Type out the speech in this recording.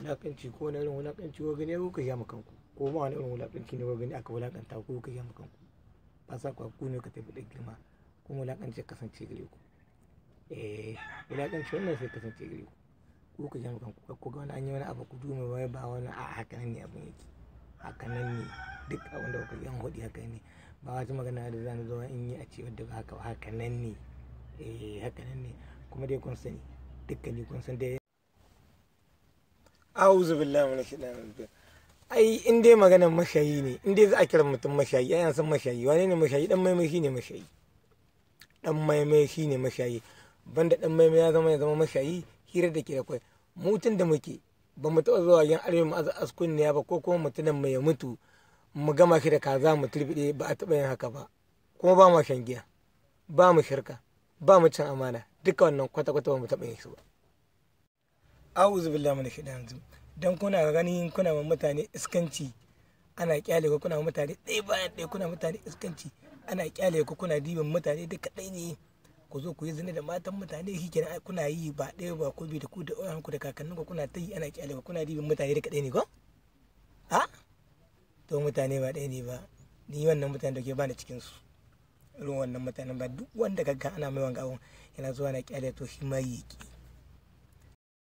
wulaƙanci ko na irin wulaƙanci wa gani kuka sha kanku ko ma wani irin wulaƙanci ne wa gani aka wulaƙanta ko kuka sha kanku ba sa ku ku ne ka tafi da girma ko wulakanci kasance gare ku eh wulakanci wannan sai kasance gare ku ku ka sha kanku ko ga wani an yi wani abu ku duma wai ba wani a haka nan ne abin yake haka nan ne duk abin da kuka an hudi haka ne ba wata magana da zan zo in yi a ce wadda ba haka ba haka nan ne eh haka nan ne kuma dai kun sani dukkan kun san dai auzu billahi min shaitanir rajim ai in dai maganar mashayi ne in dai za a kira mutum mashayi ai an san mashayi wane ne mashayi dan maimai shine mashayi dan maimai shine mashayi banda dan maimai ya zama ya zama mashayi hira da ke da kwai mutun da muke ba mu taɓa zuwa yin arewa mu askun ne ba ko kuma mutunan mu ya mutu mu gama shi da kaza mu turbide ba a taɓa yin haka ba kuma ba mu shan giya ba mu shirka ba mu cin amana duka wannan kwata-kwata ba mu taɓa yin shi ba a'udhu billahi minash shaitanir rajim dan kuna ganin kuna ma mutane iskanci ana kyale ku kuna mutane ɗaya ba ɗaya kuna mutane iskanci ana kyale ku kuna diban mutane da dai ne ku zo ku yi zina da matan mutane shi kenan kuna yi ba ɗaya ba ku bi da ku da ɗayan ku da kakannin ku kuna ta yi ana kyale ku kuna diban mutane da dai ne ko Ha? to mutane ba ɗaya ne ba ni wannan mutane da ke bani cikin su irin wannan mutanen ba duk wanda kaga ana mai wanga yana zuwa na kyale to shi mai yi